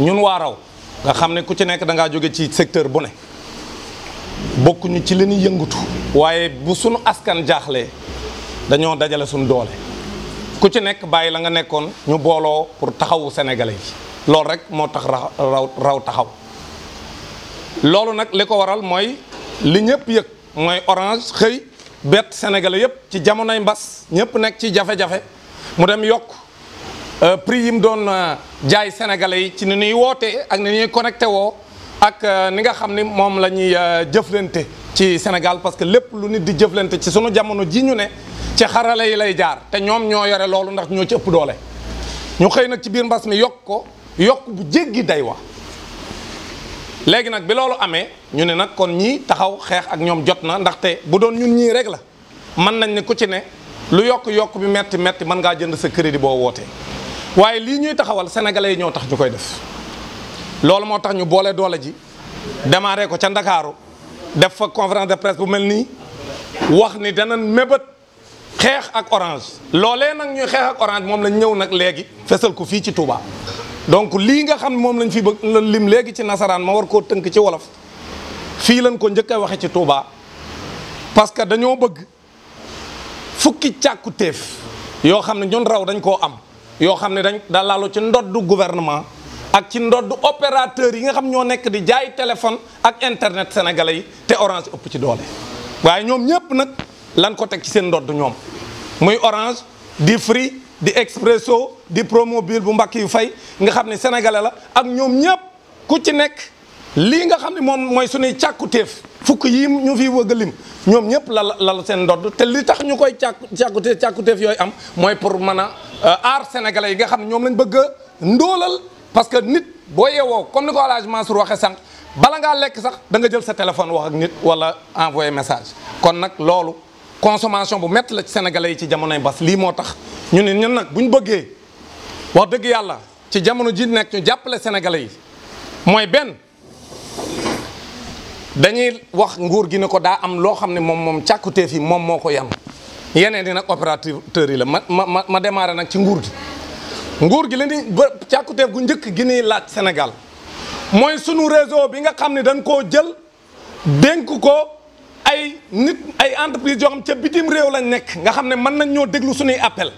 ñun waa raw nga xam ne ku ci nekk da ngaa jóge ci secteur bu ne bokkuñu ci li ñuy yëngatu waaye bu sunu askan jaaxlee dañoo dajale suñu doole ku ci nekk bàyyi la nga nekkoon ñu booloo pour taxawu sénégalais yi loolu rek moo tax raw raw taxaw loolu nag li ko waral mooy li ñëpp yëg mooy orange xëy bett sénégalais yëpp ci jamonoy mbas ñëpp nekk ci jafe-jafe mu dem yokk Euh, prix yi mu doon euh, jaay sénégalais yi ci ni ñuy wootee ak ni ñuy connecté woo ak euh, ni nga xam ni moom la ñuy jëflante ci Sénégal parce que lépp lu nit di jëflante ci sunu jamono ji ñu ne ci xarala yi lay jaar te ñoom ñoo yore loolu ndax ñoo ci ëpp doole ñu xëy nag ci biir mbas mi yokk ko yokk bu jéggi day wax léegi nag bi loolu amee ñu ne nag kon ñii taxaw xeex ak ñoom jot na ndaxte bu doon ñun ñii rek la mën nañ ne ku ci ne lu yokk yokk bi metti metti mën ngaa jënd sa crédit boo wootee waaye lii ñuy taxawal sénégalais yi ñoo tax ñu koy def loolu moo tax ñu boole doole ji démarré ko ca ndakaaru def fa conférence de presse bu mel nii wax ni dana mébét xeex ak orange loolee nag ñuy xeex ak orange moom lañ ñëw nag léegi fesal ko fii ci Touba donc lii nga xam moom lañ fi bëgg lim léegi ci nasaraan ma war koo tënk ci wolof fii lañ ko njëkk a waxee ci Touba parce que dañoo bëgg fukki càkku téef yoo xam ne ñun raw dañ koo am yoo xam ne dañ daal laalu ci ndoddu gouvernement ak ci ndodd opérateur yi nga xam ñoo nekk di jaay téléphone ak internet sénégalais yi te orange ëpp ci doole waaye ñoom ñëpp nag lan ko teg ci seen ndodd ñoom muy orange di free di expresso di promobile bu mbakk yu fay nga xam ne sénégalais la ak ñoom ñëpp ku ci nekk lii nga xam ne moom mooy suñuy càkkutéef fukk yi ñu fi wëgg lim ñoom ñëpp lal lal seen ndodd te li tax ñu koy càkku càkkute càkkuteef yooyu am mooy pour mën a euh, aar sénégalais yi nga xam ne ñoom lañ bëgg a ndóolal parce que nit boo yeewoo comme ni ko El Hadj Mansour waxee sànq bala ngaa lekk sax da nga jël sa téléphone wax ak nit wala envoyé message kon nag loolu consommation bu métti la ci sénégalais yi ci jamonoy bas lii moo tax ñu ne ñun nag bu ñu bëggee wax dëgg yàlla ci jamono ji nekk ñu jàppale sénégalais yi mooy benn dañuy wax nguur gi ne ko daa am loo xam ne moom moom càkkuteef yi moom moo ko yam yeneen di nag opérateur yi la ma ma ma démarré nag ci nguur gi nguur gi la ni ba càkkuteef gu njëkk gi ñuy laaj Sénégal mooy sunu réseau bi nga xam ne dañ koo jël dénk ko ay nit ay entreprise yoo xam ca bitim réew lañ nekk nga xam ne mën nañ ñoo déglu suñuy appel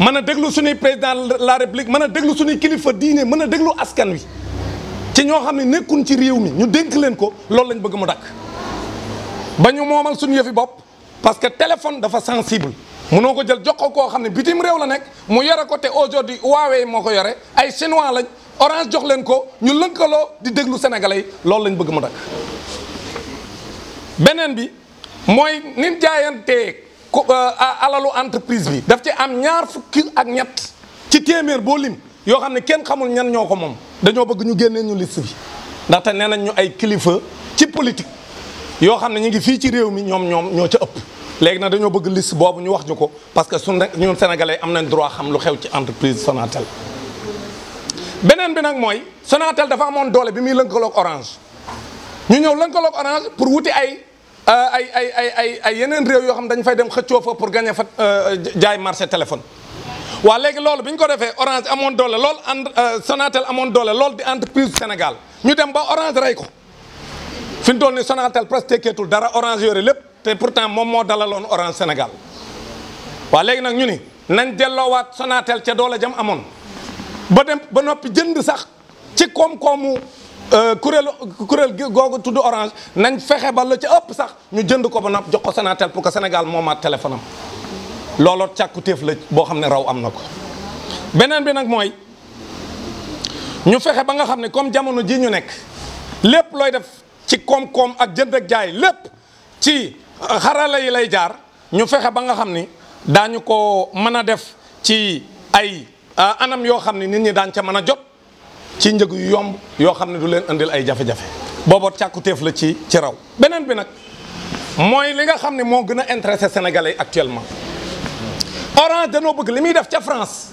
mën a déglu suñuy président la république mën a déglu suñuy kilifa diine mën a déglu askan wi ci ñoo xam ne nekkuñ ci réew mi ñu dénk leen ko loolu lañ bëgg mu dakk ba ñu moomal suñu yëfi bopp parce que téléphone dafa sensible mënoo ko jël jox ko koo xam ne bitim réew la nekk mu yore ko te aujourd'hui waawee moo ko yare ay chinois lañ orange jox leen ko ñu lënkaloo di déglu sénégalais yi loolu lañ bëgg mu dakk beneen bi mooy nit jaayantee euh, alalu entreprise bi daf ci am ñaar fukk ak ñett ci téeméer boo lim yoo xam ne kenn xamul ñan ñoo ko moom dañoo bëgg ñu génnee ñu liste bi ndaxte nee nañ ñu ay kilifa ci politique yoo xam ne ñu ngi fii ci réew mi ñoom ñoom ñoo ca ëpp. léegi nag dañoo bëgg liste boobu ñu wax ñu ko parce que su suñ ñu sénégalais am nañ droit xam lu xew ci entreprise Sonatel beneen bi nag mooy Sonatel dafa amoon doole bi muy lëkkaloog Orange ñu ñëw lëkkaloog Orange pour wuti euh, ay ay ay ay ay yeneen réew yoo xam dañ fay dem xëccoo fa pour gagner fa euh, jaay marché téléphone. waa léegi loolu bi ñu ko defee orange amoon doole lool and euh, Sonatel amoon doole lool di entreprise Sénégal ñu dem ba orange rey ko fi ñu toll ni Sonatel presque tekkeetul dara orange yore lépp te pourtant moom moo dalaloon orange Sénégal waa léegi nag ñu ni nañ delloowaat Sonatel ca doole jam amoon ba dem ba noppi jënd sax ci koom-koomu euh, kuréel kuréel googu tudd orange nañ fexe ba la ca ëpp sax ñu jënd ko ba noppi jox ko Sonatel pour que Sénégal moo maat téléphone am looloo càkkutéef la boo xam ne raw am na ko beneen bi nag mooy ñu fexe ba nga xam ne comme jamono ji ñu nekk lépp looy def ci koom-koom ak jënd ak jaay lépp ci xarala yi lay jaar ñu fexe ba nga xam ni daañu ko mën a def ci ay ah, anam yoo xam ne nit ñi daan ca mën a jot ci njëg yu yomb yoo xam ne du leen indil ay jafe-jafe booboo càkkutéef la ci ci raw beneen bi nag mooy li nga xam ne moo gën a intéressé sénégalais actuellement Orange danoo bëgg li muy def ca France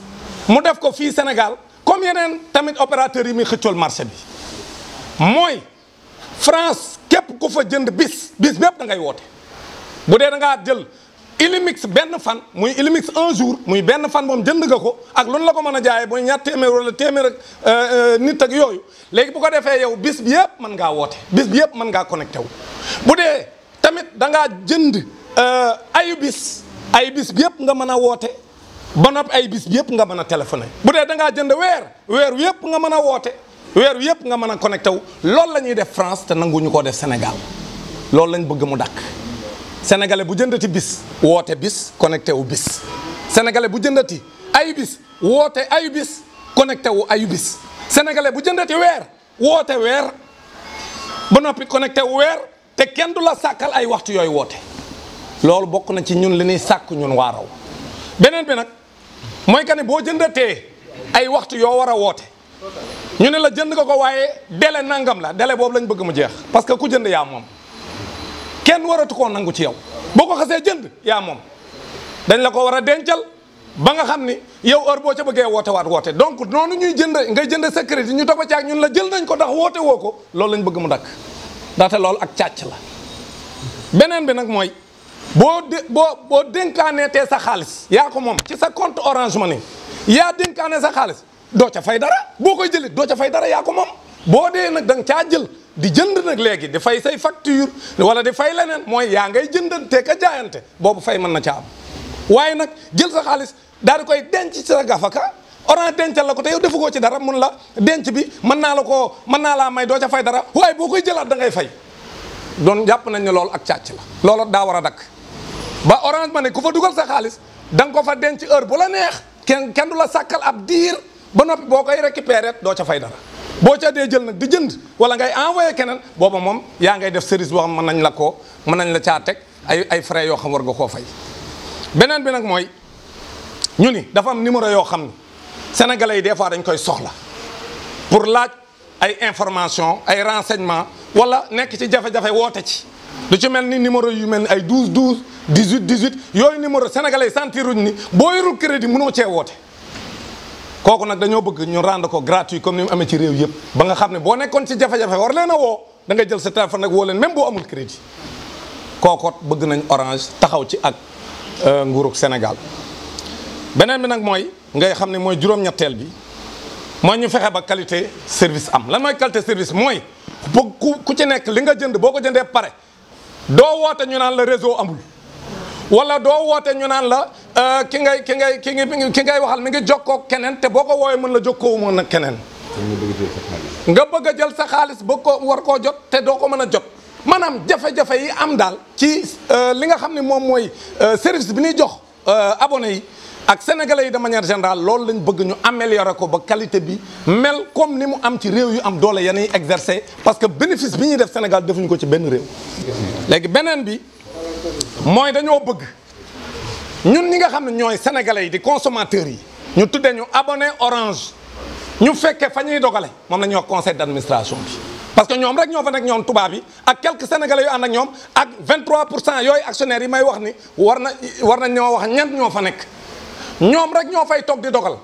mu def ko fii Sénégal comme yeneen tamit opérateurs yi muy xëccool marché bi mooy France képp ku fa jënd bis bis bépp da ngay woote bu dee da ngaa jël Illimix benn fan muy Illimix un jour muy benn fan moom jënd nga ko ak loolu la ko mën a jaayee mooy ñaar téeméer wala téeméer ak euh, euh, nit ak yooyu léegi bu ko defee yow bis bi yëpp mën ngaa woote bis bi yëpp mën ngaa connecté wu bu dee tamit da ngaa jënd euh, ayu bis ay bis bi nga mën a woote ba noppi ay bis bi yëpp nga mën a téléphoné bu dee da ngaa jënd weer weer wi yëpp nga mën a woote weer wi yëpp nga mën a connecté wu loolu la ñuy def France te nanguñu ko def senegal loolu lañ bëgg mu dakk sénégalais bu jëndati bis woote bis connecté wu bis sénégalais bu jëndati ay bis woote ay bis connecté wu ayu bis sénégalais bu jëndati weer woote weer ba noppi connecté wu weer te kenn du la sàkkal ay waxtu yooyu woote loolu bokk na ci ñun li ñuy sàkk ñun waaraw beneen bi nag mooy que ne boo jëndatee ay waxtu yoo war a woote ñu ne la jënd ko ko waaye délai nangam la dele boobu lañ bëgg mu jeex parce que ku jënd yaa moom kenn waratu koo nangu ci yow boo ko xasee jënd yaa moom dañ la ko war a dencal ba nga xam ni yow heure boo ca bëggee woote waat woote donc noonu ñuy jënd ngay jënd sa crédit ñu topp caag ñun la jël nañ ko ndax woote woo ko loolu lañ bëgg mu dakk ndaxte loolu ak càcc la beneen bi nag mooy. boo de boo boo dénkaanetee sa xaalis yaa ko moom ci sa compte Orange Money yaa dénkaane sa xaalis doo ca fay dara boo koy jëlee doo ca fay dara yaa ko moom boo dee nag da nga caa jël di jënd nag léegi di fay say facture wala di fay leneen mooy yaa ngay jëndante ka jaayante boobu fay mën na caa am nag jël sa xaalis daal di koy denc ci sa gafaka Orange dencal la ko te yow defu ko ci dara mun la denc bi mën naa la ko mën naa laa may doo ca fay dara waaye boo koy jëlaat da ngay fay doon jàpp nañ ne loolu ak càcc la daa war a dakk ba orange money ku fa dugal sa xaalis danga ko fa denc heure bu la neex kenn kenn du la sàkkal ab diir ba noppi boo koy récupérer doo ca fay dara boo ca dee jël nag di jënd wala ngay envoyé keneen booba moom yaa ngay def service boo xam mën nañ la koo mën nañ la caa teg ay frais yoo xam war nga koo fay beneen bi nag mooy ñu ni dafa am numéro yoo xam ne sénégalais yi des fois dañ koy soxla pour laaj ay information ay renseignement wala nekk ci jafe-jafe woote ci lu ci mel ni numéro yu mel ni ay 12 12 18 18 yooyu numéro sénégalais yi sentiruñ ni boo yorul crédit munoo cee woote kooku nag dañoo bëgg ñu rendre ko gratuit comme ni mu amee ci réew yëpp ba nga xam ne boo nekkoon ci jafe-jafe war leen woo dangay jël sa téléphone nag woo leen même boo amul crédit kookoot bëgg nañ orange taxaw ci ak euh, nguurug Sénégal beneen bi nag mooy ngay xam ne mooy juróom-ñetteel bi mooy ñu fexe ba qualité service am lan mooy qualité service mooy ku ci nekk li nga jënd boo ko jëndee pare doo woote ñu naan la réseau amul wala doo woote ñu naan la euh, ki ngay ki ngay ki ngay ki ngay waxal mi ngi jokkoo keneen te boo ko woowee mën la jokkoo mën na keneen. nga bëgg a jël sa xaalis ba ko war koo jot te doo ko mën a jot. maanaam jafe-jafe yi am daal ci euh, li nga xam ni moom mooy euh, service bi ñuy jox abona yi. ak sénégalais yi de manière générale loolu lañ bëgg ñu améliorer ko ba qualité bi mel comme ni mu am ci réew yu am doole yeneen exercer parce que bénéfice bi ñuy def Sénégal defuñu ko ci benn réew. léegi beneen bi mooy dañoo bëgg ñun ñi nga xam ne ñooy sénégalais yi di consommateurs yi ñu tuddee ñu abonné orange ñu fekkee fa ñuy dogale moom la ñuy wax conseil d'administration bi. parce que ñoom rek ñoo fa nekk ñoom tubaab yi ak quelques sénégalais yu ànd ak ñoom ak 23 pour cent yooyu actionnaires yi may wax ni war na war nañ ñoo wax ñeent ñoo fa nekk. ñoom rek ñoo fay toog di dogal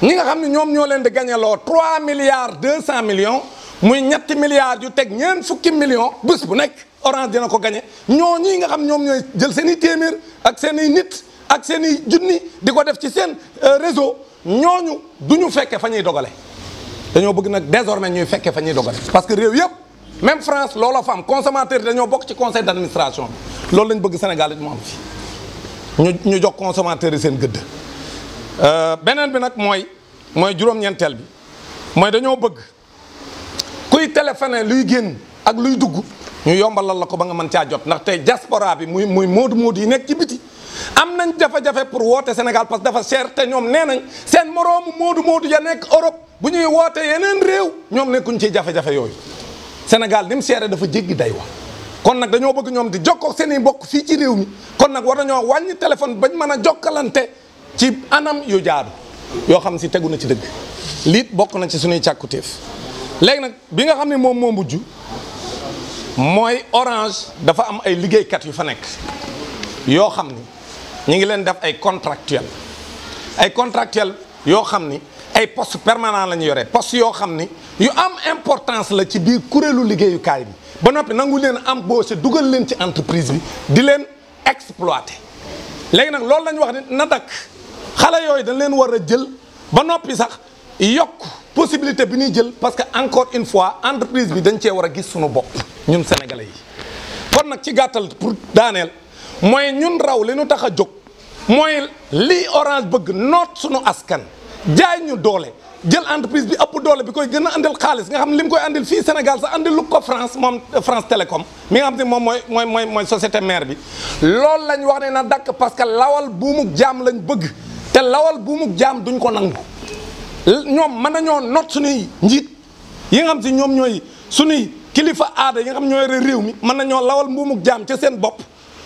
ñi nga xam ne ñoom ñoo leen di gañeloo 3 milliards 200 millions muy ñetti milliards yu teg ñeent fukki millions bés bu nekk orange dina ko gañe ñoo ñii nga xam ñoom ñooy jël seen i téeméer ak seen i nit ak seen i junni di ko def ci seen euh, réseau ñooñu du ñu fekkee fa ñuy dogale dañoo bëgg nag désormais ñuy fekkee fa ñuy dogale parce que réew yëpp même France looloo fa am consommateur dañoo bokk ci conseil d'administration bi loolu lañ bëgg Sénégal it am fi ñu ñu jox consommateur yi seen gëdd Euh, beneen bi nag mooy mooy juróom-ñeenteel bi mooy dañoo bëgg kuy téléphoné luy génn ak luy dugg ñu yombalal la ko ba nga mën caa jot ndax tey diaspora bi muy muy moodu moodu yi nekk ci biti am nañ jafe-jafe pour woote Sénégal parce que dafa cher te ñoom nee nañ seen moroomu moodu moodu ya nekk Europe bu ñuy woote yeneen réew ñoom nekkuñ ci jafe yooyu Sénégal ni mu seere dafa jéggi day kon nag dañoo bëgg ñoom di jokkoo seen i mbokk fii ci réew mi kon nag war nañoo wàññi téléphone bañ mën a jokkalante ci anam yu jaadu yoo xam si tegu na ci dëgg liit bokk na ci suñuy càkkutéef léegi nag bi nga xam ne moom moo mujj mooy orange dafa am ay liggéeykat yu fa nekk yoo xam ni ñu ngi leen def ay contractuel ay contractuel yoo xam ni ay post permanent la ñu yore poste yoo xam ni yu am importance la ci biir kuréelu liggéeyukaay bi ba noppi nangu leen embauché dugal leen ci entreprise bi di leen exploité léegi nag loolu lañu wax ni na dakk xale yooyu dañ leen war a jël ba noppi sax yokk possibilité bi ñuy jël parce que encore une fois entreprise bi dañ cee war a gis suñu bopp ñun sénégalais yi kon nag ci gàttal pour daaneel mooy ñun raw li nu tax a jóg mooy lii orange bëgg noot suñu askan jaay ñu doole jël entreprise bi ëpp doole bi koy gën a andil xaalis nga xam li mu koy andil fii Sénégal sax andil lu ko France moom France Télécom mi nga xam ne moom mooy mooy mooy mooy société mère bi loolu lañ wax ne na dakk parce que lawal buumug jaam lañ bëgg te lawal buumug jaam duñ ko nangu ñoom mën nañoo not suñuy njiit yi nga xam si ñoom ñooy suñuy kilifa aada yi nga xam ñoo yore réew mi mën nañoo lawal buumug jaam ci seen bopp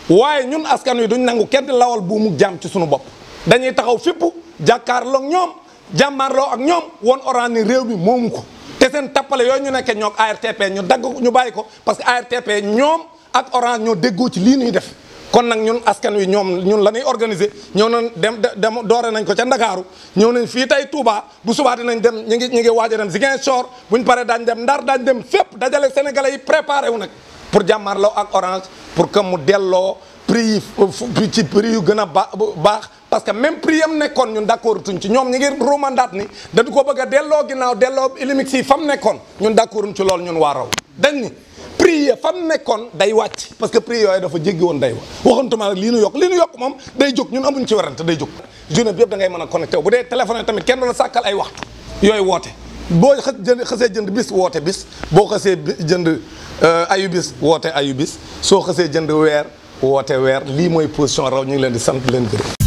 waaye ñun askan wi duñ nangu kenn di lawal buumug jaam ci suñu bopp dañuy taxaw fépp jàkkaarloo ak ñoom jàmmaarloo ak ñoom woon orange ni réew mi moomu ko te seen tappale yooyu ñu nekkee ñoo ak ARTP ñu dagg ñu bàyyi ko parce que ARTP ñoom ak Orange ñoo déggoo ci lii ñuy def kon nag ñun askan wi ñoom ñun la ñuy organiser ñëw nañ dem dem doore nañ ko ca Ndakaaru ñëw nañ fii tey Touba bu subaa nañ dem ñu ngi ñu ngi waaj a dem Ziguinchor buñ pare daañ dem Ndar daañ dem fépp dajale sénégalais yi préparé wu nag pour jàmmaarloo ak Orange pour que mu delloo prix yi euh, ci yu gën a ba baax parce que même prix yam nekkoon ñun d'accord tuñ ci ñoom ñi ngi romandaat ni dañu ko bëgg a delloo ginnaaw delloo Illimix yi fa mu nekkoon ñun d'accorduñ ci loolu ñun waa raw prix ya fam nekkoon day wàcc parce que prix yooyu dafa jéggi woon day waxantuma rek lii nu yokk lii nu yokk moom day jóg ñun amuñ ci werante day jóg journée bi yëpp da ngay mën a connecté bu dee téléphone tamit kenn du la sàkkal ay waxtu yooyu woote boo xas jënd xasee jënd bis woote bis boo xasee jënd euh, ayu bis woote ayu bis soo xasee jënd weer woote weer lii mooy position raw ñu ngi leen di sant leen gërëm